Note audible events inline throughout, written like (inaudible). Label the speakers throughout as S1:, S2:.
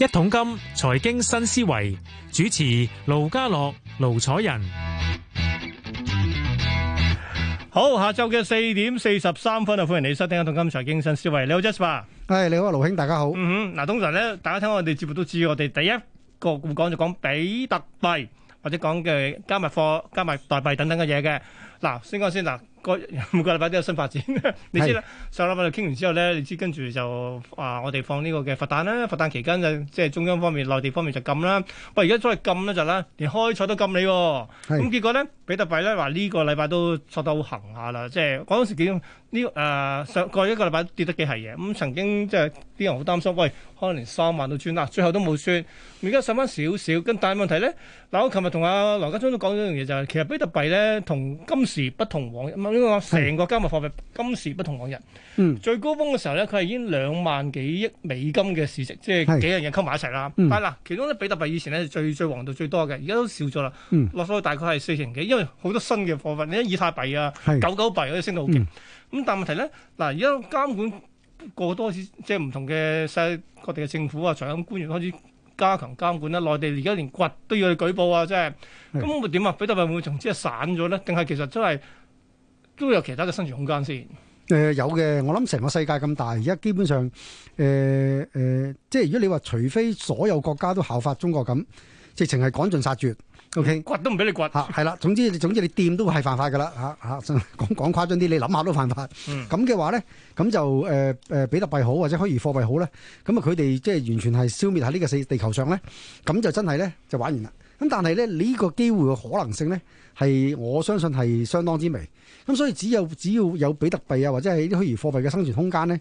S1: 一桶金財經新思維，主持盧家樂、盧楚仁，好，下晝嘅四點四十三分啊，歡迎你收聽一桶金財經新思維。你好，Jasper，係
S2: 你好啊，盧兄，大家
S1: 好。嗯哼，嗱，通常咧，大家聽我哋節目都知，我哋第一個會講就講比特幣，或者講嘅加密貨、加密代幣等等嘅嘢嘅。嗱，先講先嗱。個每個禮拜都有新發展， (laughs) 你知啦道。是上禮拜就傾完之後咧，你知跟住就啊，我哋放呢個嘅佛誕啦。佛誕期間就即、是、係中央方面、內地方面就禁啦。喂，而家再嚟禁一陣啦，連開採都禁你喎。咁是結果咧，比特幣咧話呢個禮拜都索得好行下啦。即係嗰陣時幾？呢誒、這個呃、上過一個禮拜跌得幾係嘢咁，曾經即係啲人好擔心，喂，可能連三萬都穿啦，最後都冇穿。而家上翻少少，跟但係問題咧，嗱、啊就是，我琴日同阿羅家聰都講咗一樣嘢，就係其實比特幣咧同今時不同往日，唔係應該講成個加密貨幣今時不同往日。是嗯、最高峰嘅時候咧，佢係已經兩萬幾億美金嘅市值，即係幾樣嘢溝埋一齊啦。是嗯、但係嗱，其中咧比特幣以前咧最最旺到最多嘅，而家都少咗啦。嗯、落咗大概係四成幾，因為好多新嘅貨幣，你睇以太幣啊、狗狗幣嗰啲升到好勁。咁但問題咧，嗱而家監管過多次，即係唔同嘅世界各地嘅政府啊、財金官員開始加強監管啦。內地而家連掘都要去舉報啊，即係咁是會點啊？比特幣會唔會從此散咗咧？定係其實真係都有其他嘅生存空間先？
S2: 誒、呃、有嘅，我諗成個世界咁大，而家基本上誒誒、呃呃，即係如果你話除非所有國家都效法中國咁，直情係趕盡殺絕。O Okay ? K，掘都唔俾你掘，係啦、 (laughs) 啊。總之，總之你掂都係犯法噶啦，吓、啊、吓。講講誇張啲，你諗下都犯法。咁嘅、嗯、話咧，咁就誒誒、呃呃、比特幣好或者虛擬貨幣好咧，咁啊佢哋即係完全係消滅喺呢個四地球上咧，咁就真係咧就玩完啦。咁但係咧，呢、呢個機會嘅可能性呢，係我相信係相當之微。咁、啊、所以只有只要有比特幣啊，或者係啲虛擬貨幣嘅生存空間呢，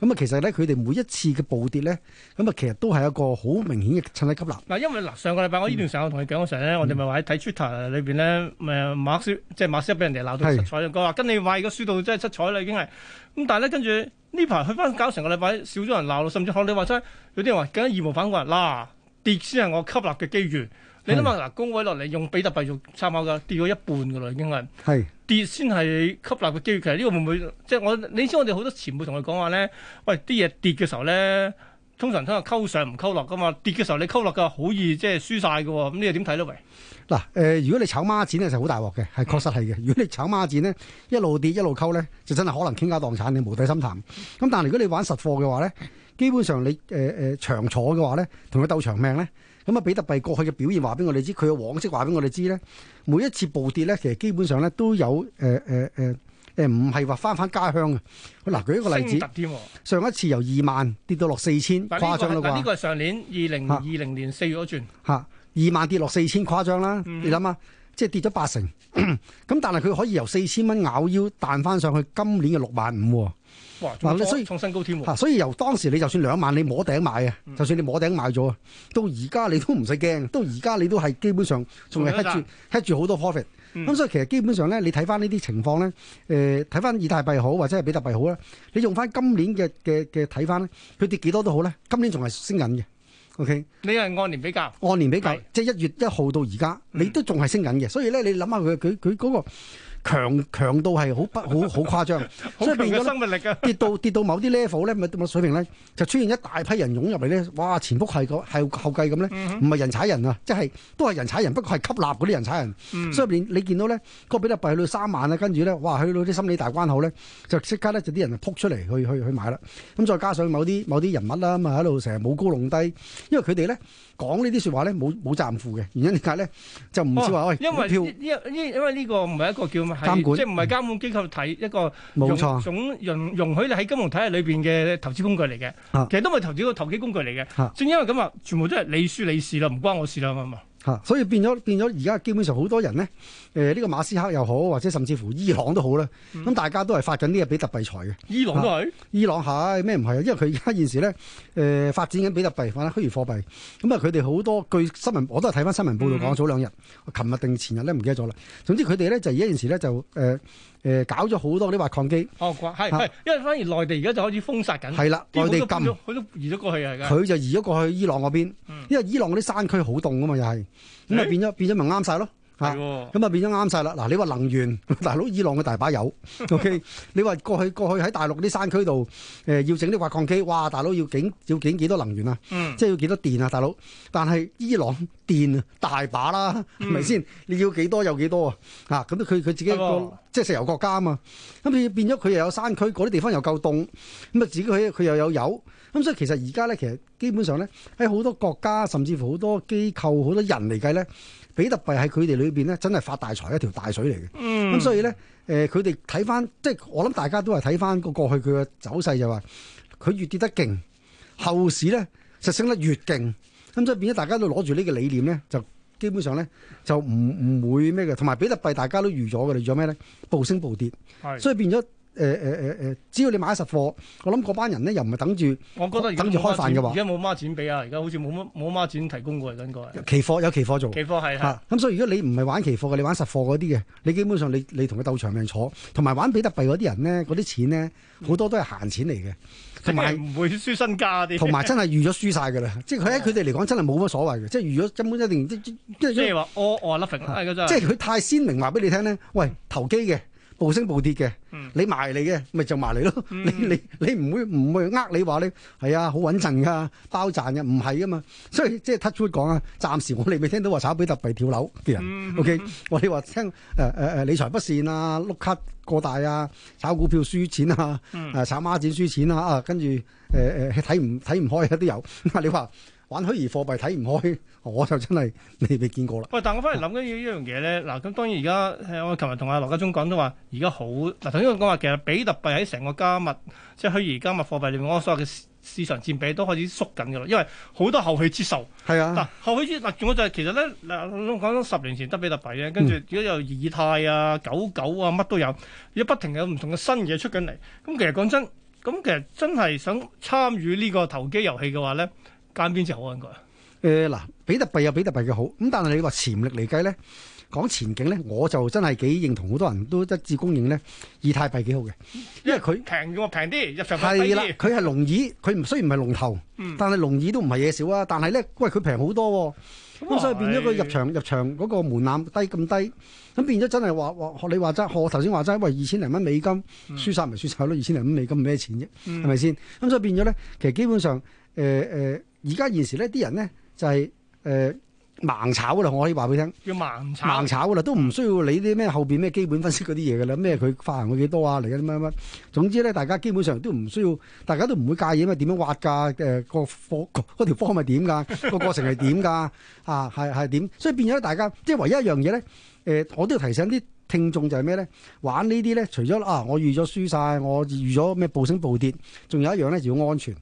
S2: 咁啊，其實呢，佢哋每一次嘅暴跌呢，咁啊，其實都係一個好明顯嘅趁低吸納
S1: 嗱。因為嗱，上個禮拜我依段時間同你講嘅時候咧，我哋咪話喺睇 Twitter 裏邊咧，誒馬斯克即係馬斯克俾人哋鬧到，是到七彩，佢話跟你話個輸到真係七彩啦，已經係咁。但係呢，跟住呢排去翻搞成個禮拜少咗人鬧，甚至學你話齋有啲人話更加義無反顧。嗱、啊，跌先係我吸納嘅機遇。你諗下，嗱，公偉落嚟用比特幣做參考噶，跌咗一半噶啦，已經係跌先係吸納嘅機會。其實呢個會唔會即係、就是、我？你知我哋好多前輩同佢講話咧，喂，啲嘢跌嘅時候咧，通常都係溝上唔溝落噶嘛。跌嘅時候你溝落嘅好易即係輸晒嘅喎。咁呢個點睇咧？喂，
S2: 嗱，誒，如果你炒孖展咧就係好大鑊嘅，係確實係嘅。如果你炒孖展呢，一路跌一路溝咧，就真係可能傾家蕩產你無底深潭。咁但係如果你玩實貨嘅話咧，基本上你誒誒長坐嘅話咧，同佢鬥長命咧。咁啊，比特幣過去嘅表現話俾我哋知，佢嘅往績話俾我哋知咧，每一次暴跌咧，其實基本上咧都有誒誒誒誒，唔係話翻返家鄉嘅。嗱、啊，舉一個例子，一哦、上一次由二萬跌到落四千，誇張啦。呢、啊呢個係、啊呢
S1: 個、上年二零二零年四月嗰轉。
S2: 二、啊啊、萬跌落四千，誇張啦！你諗下。嗯嗯即係跌咗八成，咁 (coughs) 但係佢可以由四千蚊咬腰彈翻上去今年嘅六萬五
S1: 喎。哇！所以創新高添、啊、喎、啊。所以由
S2: 當時你就算兩萬你摸頂買嘅，嗯、就算你摸頂買咗，到而家你都唔使驚，到而家你都係基本上仲係 hit 住 hit 住好多 profit。咁、嗯、所以其實基本上咧，你睇翻呢啲情況咧，誒睇翻以太幣好或者係比特幣好啦，你用翻今年嘅嘅嘅睇翻咧，佢跌幾多都好咧，今年仲係升緊嘅。O.K. 你係按年比較，按年比較，是即係一月一號到而家，你都仲係升緊嘅。嗯、所以咧，你諗下佢佢佢嗰個。強強，強到係好不好好誇張，即係變咗生命力啊，跌到跌到某啲 level 咧，咪某個水平咧，就出現一大批人湧入嚟咧，哇！前仆係個係後繼咁咧，唔係人踩人啊，即係都係人踩人，不過係吸納嗰啲人踩人。嗯、所以連你見到咧個比特幣去到三萬啊，跟住咧哇去到啲心理大關口咧，就即刻咧就啲人就撲出嚟去去去買啦。咁再加上某啲某啲人物啦，咁啊喺度成日冇高弄低，因為佢哋咧講呢啲說話咧冇冇責富嘅，原因點解咧就唔知話喂股票，
S1: 因因因為呢個唔係一個叫。是股監管即係唔係監管機構睇一個，冇錯、啊，總容容許你喺金融體系裏邊嘅投資工具嚟嘅，啊、其實都係投資個投機工具嚟嘅。啊、正因為咁話，全部都係你輸你事啦，唔關我事啦，咁啊嘛。
S2: 吓、啊，所以變咗變咗，而家基本上好多人咧，誒、呃、呢、呢個馬斯克又好，或者甚至乎伊朗都好啦。咁、嗯、大家都係發緊啲嘢比特幣財嘅。伊朗都係，伊朗係咩唔係啊？因為佢而家現時咧，誒、呃、發展緊比特幣，或者虛擬貨幣，咁啊佢哋好多據新聞，我都係睇翻新聞報道講，嗯、早兩日，我琴日定前日咧唔記得咗啦。總之佢哋咧就而家現時咧就誒。呃誒，搞咗好多嗰啲挖礦機
S1: 哦，係係，因為反而內地而家就開始封殺緊，係啦，內地禁佢都移咗過去係噶，佢就
S2: 移咗過去伊朗嗰邊，因為伊朗嗰啲山區好凍噶嘛，又係咁啊，變咗變咗咪啱晒咯吓，咁啊變咗啱晒啦。嗱，你話能源大佬，伊朗嘅大把油，O.K. 你話過去過去喺大陸嗰啲山區度誒，要整啲挖礦機，哇，大佬要景要景幾多能源啊，嗯，即係要幾多電啊，大佬。但係伊朗電啊大把啦，係咪先？你要幾多有幾多啊？吓咁都佢佢自己個。即係石油國家啊嘛，咁變變咗佢又有山區，嗰啲地方又夠凍，咁啊自己佢佢又有油，咁、嗯、所以其實而家咧，其實基本上咧，喺好多國家甚至乎好多機構、好多人嚟計咧，比特幣喺佢哋裏邊咧，真係發大財一條大水嚟嘅。咁、嗯嗯、所以咧，誒佢哋睇翻，即係我諗大家都係睇翻個過去佢嘅走勢就，就話佢越跌得勁，後市咧就升得越勁，咁、嗯、所以變咗大家都攞住呢個理念咧就。基本上咧就唔唔會咩嘅，同埋比特幣大家都預咗嘅，預咗咩咧？暴升暴跌，係所以變咗。誒誒誒誒，只要你買咗實貨，我諗嗰班人咧又唔係等住，我覺得等住開飯嘅話，而
S1: 家冇乜錢俾啊！而家好似冇乜冇乜錢提供過嚟應該。
S2: 期貨有期貨做，期貨係吓。咁、啊、所以如果你唔係玩期貨嘅，你玩實貨嗰啲嘅，你基本上你你同佢鬥長命坐，同埋玩比特幣嗰啲人咧，嗰啲錢咧好多都係閒錢嚟嘅，同埋唔
S1: 會輸身家啲，同埋真係
S2: 預咗輸晒噶啦，即係佢喺佢哋嚟講真係冇乜所謂嘅，即係預咗根本一定
S1: 即係的即係話我我即係佢
S2: 太鮮明話俾你聽咧，喂投機嘅。暴升暴跌嘅，嗯，你賣嚟嘅咪就賣嚟咯。你你你唔會唔會呃你話咧？係啊，好穩陣噶，包賺嘅，唔係噶嘛。所以即係 touch wood 講啊，暫時我哋未聽到話炒比特幣跳樓啲人。嗯，OK，我哋話聽誒誒誒理財不善啊，碌卡過大啊，炒股票輸錢啊，誒，嗯啊、炒孖展輸錢啊，跟住誒誒睇唔睇唔開啊，呃、開都有。 (laughs) 你話？玩虛擬貨幣睇唔開，我就真係未未見過啦。
S1: 喂，但係我翻嚟諗緊呢一樣嘢咧。嗱，咁當然而家我琴日同阿羅家聰講都話，而家好嗱，頭先我講話其實比特幣喺成個加密即係虛擬加密貨幣裏面，我所有嘅市場佔比都開始縮緊噶啦，因為好多後起之秀係啊嗱，後起之嗱，仲有就係其實咧嗱，講緊十年前得比特幣咧，跟住如果有以太啊、狗狗啊，乜都有，而家不停有唔同嘅新嘢出緊嚟。咁其實講真，咁其實真係想參與呢個投機遊戲嘅話咧。單邊
S2: 就好應該誒嗱、呃，比特幣有比特幣嘅好咁，但係你話潛力嚟計咧，講前景咧，我就真係幾認同好多人都一致公認咧，以太幣幾好嘅，
S1: 因為佢平喎，平啲入場平係啦，
S2: 佢係龍耳，佢唔雖然唔係龍頭，嗯、但係龍耳都唔係嘢少啊。但係咧，喂，佢平好多咁，嗯、是所以變咗個入場入場嗰個門檻低咁低，咁變咗真係話話你話齋，我頭先話齋喂，二千零蚊美金、嗯、輸晒咪輸晒咯，二千零蚊美金咩錢啫，係咪先咁？嗯、所以變咗咧，其實基本上誒誒。呃呃而家現，現時呢啲人呢，就係、是、誒、呃、盲炒噶啦，我可以話俾你聽。要盲炒，盲炒噶啦，都唔需要理啲咩後邊咩基本分析嗰啲嘢噶啦，咩佢發行佢幾多啊嚟緊啲乜乜。總之呢，大家基本上都唔需要，大家都唔會介意咩點、呃、樣挖噶，誒個科個嗰條方係點噶，個過程係點噶，啊係係點。所以變咗大家即係唯一一樣嘢呢，誒、呃，我都要提醒啲聽眾就係咩呢？玩呢啲呢，除咗啊我預咗輸曬，我預咗咩暴升暴跌，仲有一樣呢，就要安全。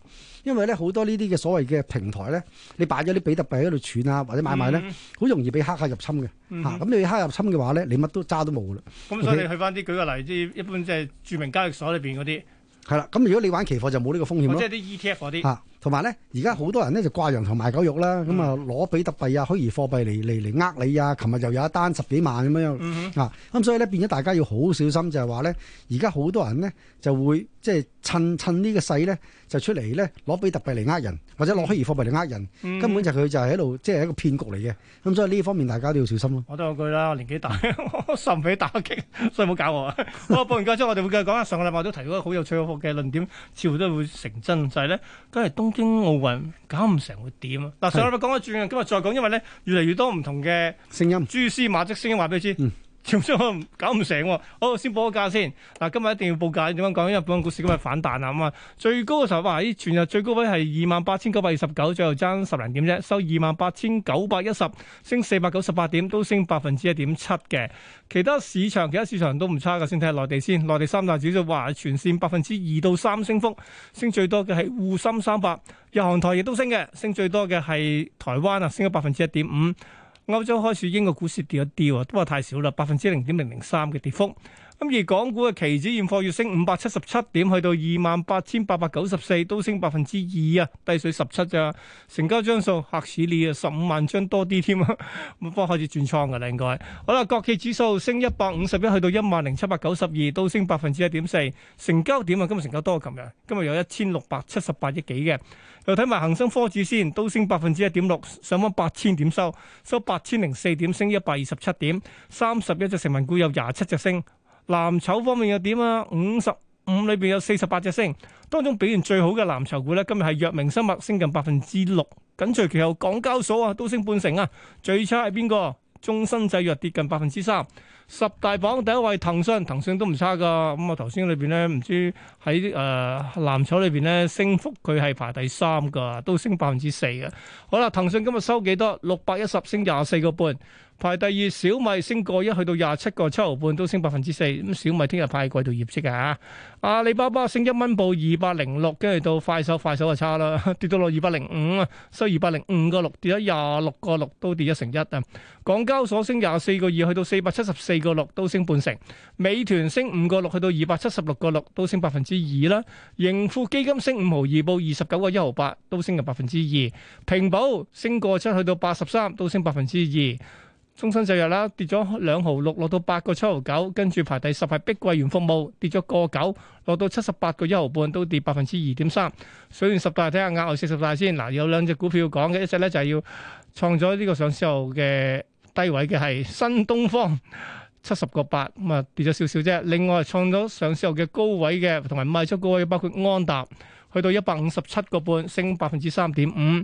S2: 因為咧好多呢啲嘅所謂嘅平台咧，你擺咗啲比特幣喺度存啊，或者買賣咧，好容易俾黑客入侵嘅。嚇、嗯哼，咁、啊、你黑客入侵嘅話咧，你乜都揸都冇噶啦。咁所以你
S1: 去翻啲舉個例，啲一,一般即係著名交易所裏邊嗰啲。
S2: 係啦、啊，咁如果你玩期貨就冇呢個風險咯。啊、即係啲 ETF 嗰啲。啊同埋咧，而家好多人咧就掛羊頭賣狗肉啦，咁啊攞比特幣啊虛擬貨幣嚟嚟嚟呃你啊！琴日又有一單十幾萬咁樣樣啊，咁所以咧變咗大家要好小心，就係話咧，而家好多人咧就會即係趁趁呢個勢咧就出嚟咧攞比特幣嚟呃人，或者攞虛擬貨幣嚟呃人，嗯、哼根本就佢就係喺度即係一個騙局嚟嘅。咁所以呢方面大家都要小心咯。
S1: 我都講句啦，我年紀大受唔起打擊，所以冇搞我。 (laughs) 好報我播完之後我哋會繼續講啊。上個禮拜都提到個好有趣嘅論點，似乎都會成真，就係、是、咧，今日東京奧運搞唔成會點啊？嗱是，上禮拜講咗轉，今日再講，因為咧越嚟越多唔同嘅聲音、蛛絲馬跡聲音，話俾你知。嗯。搞唔成喎、啊，好先報個價先。嗱，今日一定要報價，點樣講？因為本港股市今日反彈啦，咁啊，最高嘅時候哇，咦、啊，全日最高位係二萬八千九百二十九，最後爭十零點啫，收二萬八千九百一十，升四百九十八點，都升百分之一點七嘅。其他市場其他市場都唔差嘅，先睇下內地先。內地三大指數話全線百分之二到三升幅，升最多嘅係滬深三百，日韓台亦都升嘅，升最多嘅係台灣啊，升咗百分之一點五。歐洲開始，英國股市跌一跌，都話太少啦，百分之零點零零三嘅跌幅。咁而港股嘅期指現貨月升五百七十七點，去到二萬八千八百九十四，都升百分之二啊，低水十七咋？成交張數，嚇死你啊，十五萬張多啲添啊！咁 (laughs) 幫開始轉倉㗎喇，應該好啦。國企指數升一百五十一，去到一萬零七百九十二，都升百分之一點四。成交點啊？今日成交多過琴日，今日有一千六百七十八億幾嘅。又睇埋恒生科指先，都升百分之一點六，上翻八千點收，收八千零四點，升一百二十七點。三十一隻成分股有廿七隻升。藍籌方面又點啊？五十五裏邊有四十八隻升，當中表現最好嘅藍籌股咧，今日係藥明生物升近百分之六，緊隨其後港交所啊都升半成啊，最差係邊個？中生製藥跌近百分之三，十大榜第一位騰訊，騰訊都唔差噶，咁啊頭先裏邊咧唔知喺誒、呃、藍籌裏邊咧升幅佢係排第三噶，都升百分之四嘅。好啦，騰訊今日收幾多？六百一十升廿四個半。排第二，小米升過一去到廿七個七毫半，都升百分之四。咁小米聽日派季度業績嘅，吓，阿里巴巴升一蚊，報二百零六，跟住到快手，快手就差啦，跌到落二百零五，所以二百零五個六，跌咗廿六個六，都跌一成一。啊，港交所升廿四個二，去到四百七十四個六，都升半成。美團升五個六，去到二百七十六個六，都升百分之二啦。盈富基金升五毫二，報二十九個一毫八，都升入百分之二。平保升過七，去到八十三，都升百分之二。中身製藥啦，跌咗兩毫六，落到八個七毫九，跟住排第十係碧桂園服務，跌咗個九，落到七十八個一毫半，都跌百分之二點三。水完十大睇下額外四十大先。嗱，有兩隻股票要講嘅，一隻咧就係、是、要創咗呢個上市後嘅低位嘅係新東方，七十個八，咁、嗯、啊跌咗少少啫。另外創咗上市後嘅高位嘅，同埋賣出高位嘅包括安踏，去到一百五十七個半，升百分之三點五。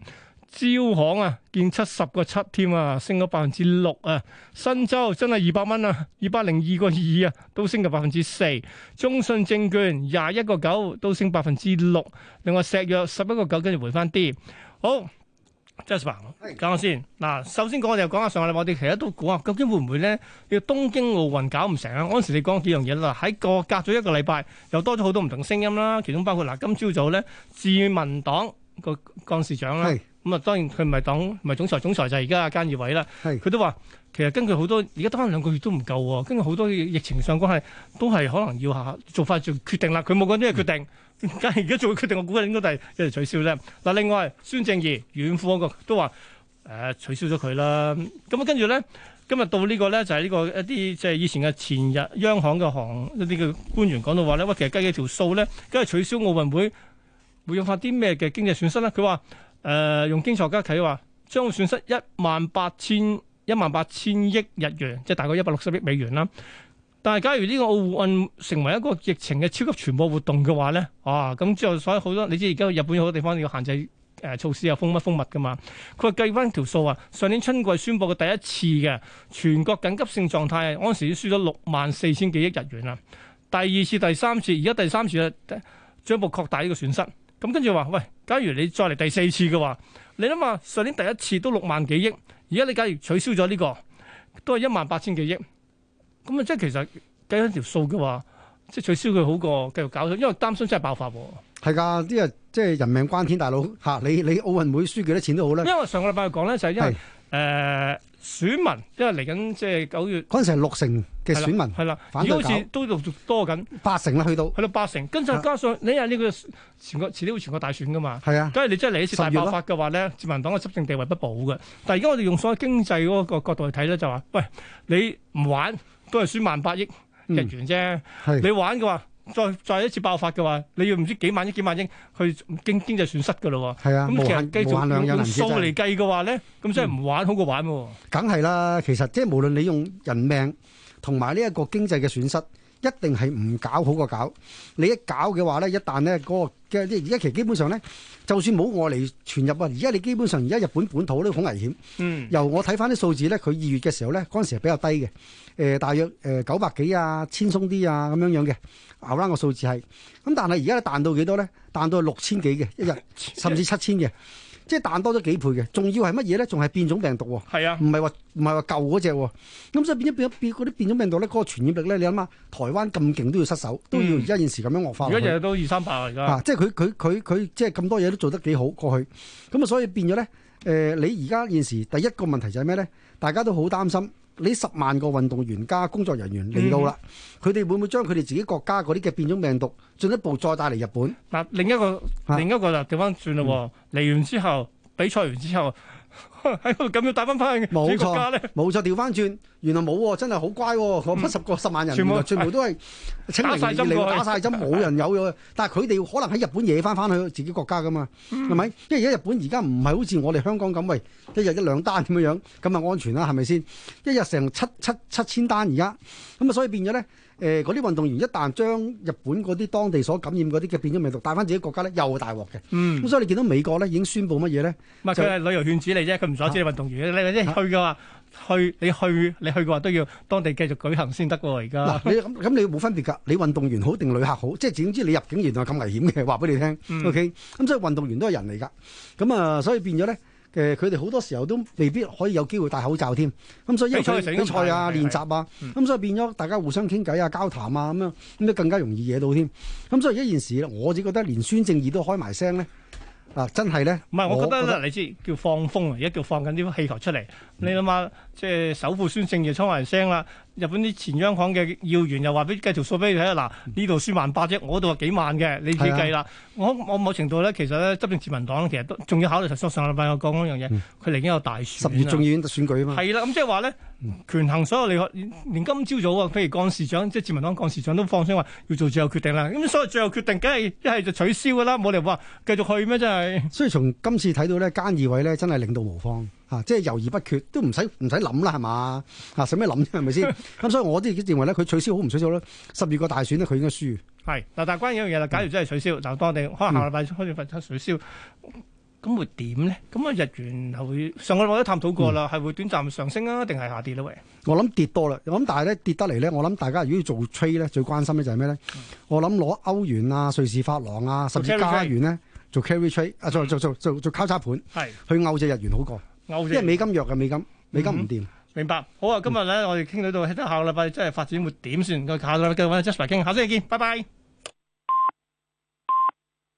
S1: 招行啊，見七十個七添啊，升咗百分之六啊。新洲真係二百蚊啊，二百零二個二啊，都升咗百分之四。中信證券廿一個九都升百分之六，另外石藥十一個九，跟住回翻啲。好，Justin，是講下先嗱。首先我講，我哋又講下上個禮拜我哋其實都估啊，究竟會唔會咧？要、呢個、東京奧運搞唔成啊？嗰時你講幾樣嘢啦，喺個隔咗一個禮拜又多咗好多唔同聲音啦。其中包括嗱，今朝早咧，自民黨個幹事長啦。咁啊，當然佢唔係黨唔係總裁，總裁就係而家嘅菅義偉啦。佢是都話其實根據好多而家得翻兩個月都唔夠喎、哦，根據好多疫情上關係都係可能要下做法做決定啦。佢冇講呢個決定，梗係而家做決定，我估計應該係一齊取消咧。嗱，另外孫正義遠富嗰個都話誒、呃、取消咗佢啦。咁啊，跟住咧今日到個呢個咧就係、是、呢個一啲即係以前嘅前日央行嘅行一啲嘅官員講到話咧，喂，其實計幾條數咧，梗係取消奧運會會用發啲咩嘅經濟損失咧？佢話。誒、呃，用經濟學家睇話，將會損失一萬八千一萬八千億日元，即係大概一百六十億美元啦。但係，假如呢個奧運成為一個疫情嘅超級傳播活動嘅話咧，哇、啊！咁之後所以好多，你知而家日本有好多地方要、這個、限制誒、呃、措施啊，封乜封密噶嘛。佢計翻條數啊，上年春季宣佈嘅第一次嘅全國緊急性狀態，當時已輸咗六萬四千幾億日元啦。第二次、第三次，而家第三次啊、呃，將要擴大呢個損失。咁跟住話，喂。假如你再嚟第四次嘅話，你諗下上年第一次都六萬幾億，而家你假如取消咗呢個，都係一萬八千幾億，咁啊即係其實計咗條數嘅話，即係取消佢好過繼續搞咗，因為擔心真係爆發喎。
S2: 係噶，啲啊即係人命關天大佬吓，啊，你你奧運會輸幾多錢都好啦。因
S1: 為上個禮拜講咧就係因為誒。是呃選民，因為嚟緊即
S2: 係九月嗰陣時係六成嘅選民，係啦，而好似都仲多緊八成啦，去到去
S1: 到八成，跟住加上你又呢個全國遲啲會全國大選噶嘛，係啊的，咁你真係嚟一次大爆發嘅話咧，自民黨嘅執政地位不保嘅。但係而家我哋用所謂經濟嗰個角度去睇咧，就話喂，你唔玩都係輸萬八億日元啫，嗯、你玩嘅話。再再一次爆發嘅話，你要唔知幾萬億幾萬億去經經濟損失嘅咯喎。係啊，咁其實繼續量有數嚟計嘅話咧，咁真係唔玩好過玩喎。
S2: 梗係啦，其實即係無論你用人命同埋呢一個經濟嘅損失。一定係唔搞好過搞，你一搞嘅話咧，一旦咧嗰個嘅即係而家其實基本上咧，就算冇外嚟傳入啊，而家你基本上而家日本本土都好危險。嗯，由我睇翻啲數字咧，佢二月嘅時候咧，嗰陣時係比較低嘅，誒、呃，大約誒九百幾啊，千鬆啲啊咁樣樣嘅，牛拉個數字係。咁但係而家彈到幾多咧？彈到六千幾嘅一日，甚至七千嘅。即係彈多咗幾倍嘅，仲要係乜嘢咧？仲係變種病毒喎，係啊，唔係話唔係話舊嗰隻。咁所以變咗變咗變嗰啲變種病毒咧，嗰個傳染力咧，你諗下台灣咁勁都要失手，嗯、都要而家現時咁樣惡化。如果日日
S1: 都二三百啊，而家、啊、
S2: 即係佢佢佢佢即係咁多嘢都做得幾好過去，咁啊所以變咗咧。誒、呃，你而家現時第一個問題就係咩咧？大家都好擔心。呢十萬個運動員加工作人員嚟到啦，佢哋、嗯、會唔會將佢哋自己國家嗰啲嘅變種病毒進一步再帶嚟日本？
S1: 嗱，另一個、啊、另一個就調翻轉啦，嚟完之後比賽完之後。喺度咁樣帶翻翻去，冇錯，
S2: 冇錯，調翻轉，原來冇喎，真係好乖喎，嗰七十個十萬人，全，全部都係清零，打晒針，冇人有咗。但係佢哋可能喺日本嘢翻翻去自己國家㗎嘛，係咪、嗯？因為而家日本而家唔係好似我哋香港咁，喂，一日一兩單咁樣樣，咁咪安全啦，係咪先？一日成七七七千單而家，咁啊，所以變咗咧。誒嗰啲運動員一旦將日本嗰啲當地所感染嗰啲嘅變種病毒帶翻自己國家咧，又大鑊嘅。嗯，咁所以你見到美國咧已經宣布乜嘢咧？咪、嗯、就係
S1: 旅遊勸止嚟啫，佢唔阻止運動員。啊、你嗰啲、啊、去嘅話，去你去你去嘅話都要當地繼續舉行先得喎。而家嗱，嗯、你
S2: 咁你冇分別㗎。你運動員好定旅客好，即係點知你入境原來咁危險嘅，話 (laughs) 俾你聽。O K，咁所以運動員都係人嚟㗎。咁啊，所以變咗咧。呃佢哋好多時候都未必可以有機會戴口罩添，咁、嗯、所以一場比賽啊、練習啊，咁、嗯嗯、所以變咗大家互相傾偈啊、交談啊咁樣，咁都更加容易惹到添。咁、嗯、所以一件事，我只覺得連孫正義都開埋聲咧，嗱、啊、真係咧，唔係我覺得，我覺得
S1: 你知叫放風啊，而家叫放緊啲氣球出嚟，你諗下。嗯即係首富孫正義又出埋人聲啦！日本啲前央行嘅要員又話俾繼續數俾你睇啦！嗱，呢度輸萬八啫，我度話幾萬嘅，你自己計啦。是啊、我我某程度咧，其實咧，執政自民黨其實都仲要考慮。上上個禮拜我講嗰樣嘢，佢嚟緊有大選。十月眾議院選舉、嗯、啊嘛。係啦，咁即係話咧，權衡所有利害，連今朝早啊，譬如幹事長，即係自民黨幹事長都放聲話要做最後決定啦。咁所以最後決定，梗係一係就取消噶啦，冇理由話
S2: 繼續去咩？真係。所以從今次睇到呢，菅義偉呢，真係領導無方。啊、即係猶豫不決，都唔使唔使諗啦，係嘛？啊，使咩諗啫？係咪先咁？所以我都認為咧，佢取消好唔取消咧？十二個大選咧，佢應該輸。係
S1: 嗱，但係關於呢樣嘢啦，假如真係取消，嗱、嗯，當地可能下禮拜開始發生取消，咁、嗯、會點咧？咁啊，日元會上個禮拜都探討過啦，係、嗯、會短暫上升啊，定係下跌咧？喂，
S2: 我諗跌多啦。我諗，但係咧跌得嚟咧，我諗大家如果要做 trade 咧，最關心咧就係咩咧？嗯、我諗攞歐元啊、瑞士法郎啊，甚至 car 加元咧做 carry trade 啊，做做做做，做交叉盤，係是去歐借日元好過。即係美金弱嘅美金，美金唔掂。
S1: 明白，好啊！今日咧，嗯、我哋傾到到下個禮拜，真係發展會點算？下個禮拜繼續揾 Justin 傾，下次見，拜拜。